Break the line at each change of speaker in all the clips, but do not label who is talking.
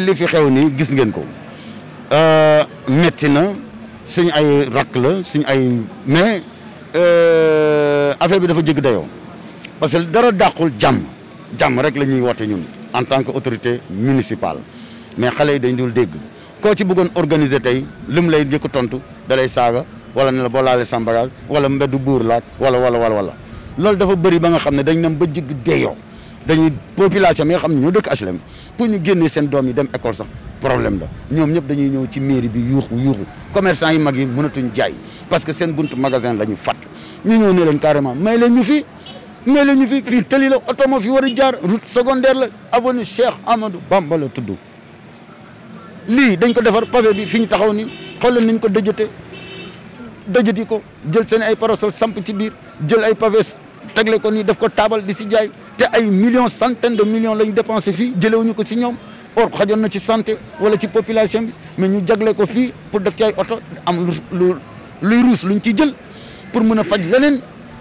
tey li fi xew nii gis ngeen ko euh, metti na suñ ay rakk la suñ ay mais euh, affaire bi dafa jégg dayoo parce que dara dàqul jàmm jàmm rek la ñuy woote ñun en tant que autorité municipale mais xale yi dañ dul dégg koo ci bëggoon organiser tey li mu lay njëkk tontu da lay saaga wala ne la boo laalee sambagaal wala mbeddu buur laaj wala wala wala wala loolu dafa bëri ba nga xam ne dañ dem ba jégg dayoo dañuy population bi nga xam ne ñoo dëkk HLM pour ñu génnee seen doom yi dem école sax problème la ñoom ñëpp dañuy ñëw ci mairie bi yuuxu yuuxu commercant yi mag yi mënatuñ jaay parce que seen bunt magasin la ñu fàtt ñu ñoo ne leen carrément may leen ñu fi may leen ñu fi fii tëli la oto moo fi war a jaar route secondaire la avenue Cheikh Amadou Bamba la tudd lii dañ ko defar pavé bi fi ñu taxaw ni xoolal niñ ko dëjëte dëjëti ko jël seen ay parasol samp ci biir jël ay pavé tegle ko nii def ko taabal di si jaay te ay millions centaines de million lañu ñu dépensé fii jëlewuñu ko ci ñoom or xajoon na ci santé wala ci population bi mais ñu jagle ko fii pour def ci ay oto am lu lu luy ruus ñu ci jël pour mën a faj leneen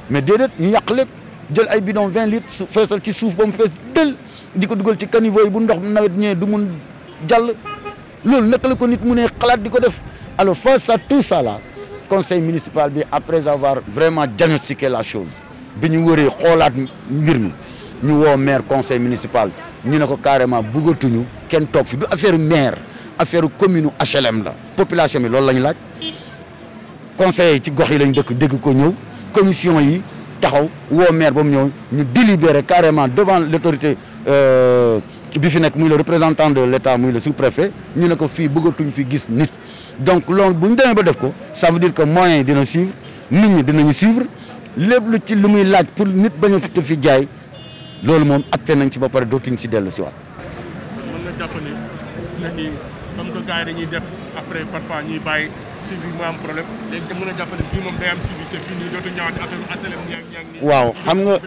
mais déedéet ñu yàq lépp jël ay bidon vingt litres su feesal ci suuf ba mu fees dël di ko dugal ci caniveau yi bu ndox nawet ñëwee du mun jàll loolu naka la ko nit mu ne xalaat di ko def alors face à tout ça là conseil municipal bi après avoir vraiment diagnostiqué la chose bi ñu wëree xoolaat mbir mi ñu woo maire conseil municipal ñu ne ko carrément bëggatuñu kenn toog fi du affaire maire affaire commune HLM la population bi loolu la laaj conseil ci gox yi lañ dëkk dégg ko ñëw commission yi taxaw woo maire ba mu ñëw ñu délibérer carrément devant l'autorité euh, bi fi nekk muy le représentant de l'État muy le sous-préfet ñu ne ko fii bëggatuñ fi gis nit donc loolu bu ñu demee ba def ko ça veut dire que moyens yi dina suivre nit ñi dinañu suivre lépp lu ci lu muy laaj pour nit bañ a fi jaay loolu moom acté nañ ci ba pare dootuñ ci dellu si waat. mën waaw xam nga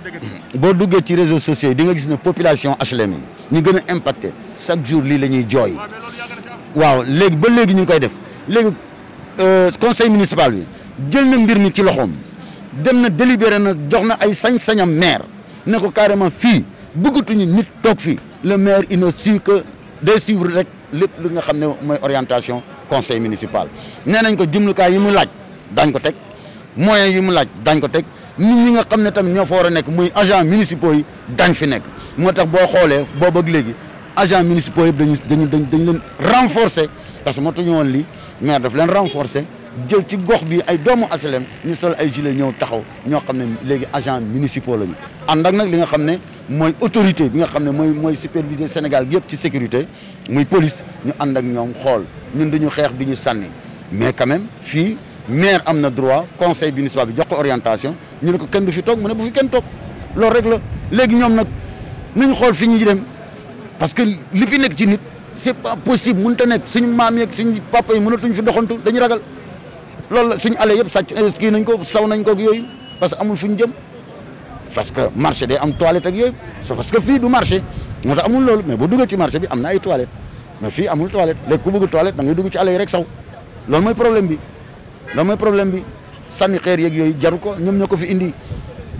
boo duggee ci réseaux sociaux yi di nga gis ne population HLM mi ñu gën a impacté chaque jour lii la ñuy jooy. waaw léegi ba léegi ñu ngi koy def léegi euh, conseil municipal bi jël na mbir mi ci loxoom dem na délibéré na jox na ay sañ-sañam maire. ne ko carrément fii bëggatuñu nit toog fii le maire il ne suit que rek lépp li nga xam ne mooy orientation conseil municipal nee nañ ko jumlukaay yi mu laaj dañ ko teg moyens yi mu laaj dañ ko teg nit ñi nga xam ne tamit ñoo fa war a nekk muy agent municipaux yi dañ fi nekk moo tax boo xoolee boobu ak léegi agents municipaux yi dañu dañu dañ leen renforcer parce que moo tax ñu woon lii maire daf leen renforcer jël ci gox bi ay doomu aslem ñu sol ay jile ñëw taxaw ñoo xam ne léegi agent municipaux la ñu ànd ak nag li nga xam ne mooy autorité bi nga xam ne mooy mooy superviseur Sénégal bi yëpp ci sécurité muy police ñu ànd ñoom xool ñun dañu xeex bi ñu sànni mais quand même fii maire am na droit conseil bi municipal bi jox ko orientation ñu ne ko kenn du fi toog mu ne bu fi kenn toog loolu rek la léegi ñoom nag nu ñu xool fi ñu dem parce que li fi nekk ci nit c'est pas possible mënut a nekk suñu maam yeeg suñu papa yi mënatuñ fi doxantu dañuy ragal loolu la suñu ale yëpp sàcc kii nañ ko saw nañ ko ak yooyu parce que amul fu ñu jëm parce que marché day am toilette ak yooyu parce que fii du marché moo tax amul loolu mais bu duggee ci marché bi am na ay toilette mais fii amul toilette léegi ku bëgg toilette da ngay dugg ci ale yi saw loolu mooy problème bi loolu mooy problèm bi sànni xeer yeeg yooyu jaru ko ñoom ñoo ko fi indi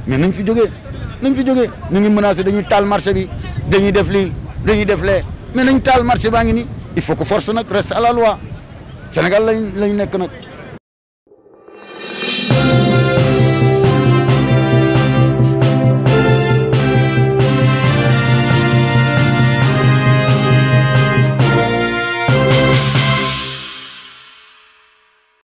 mais nañ fi jógee nañ fi jógee ñu ngi menacé dañuy taal marché bi dañuy def lii dañuy def lee mais nañ taal marché baa ngi nii il faut que force nag reste à la Sénégal lañ lañ nekk nag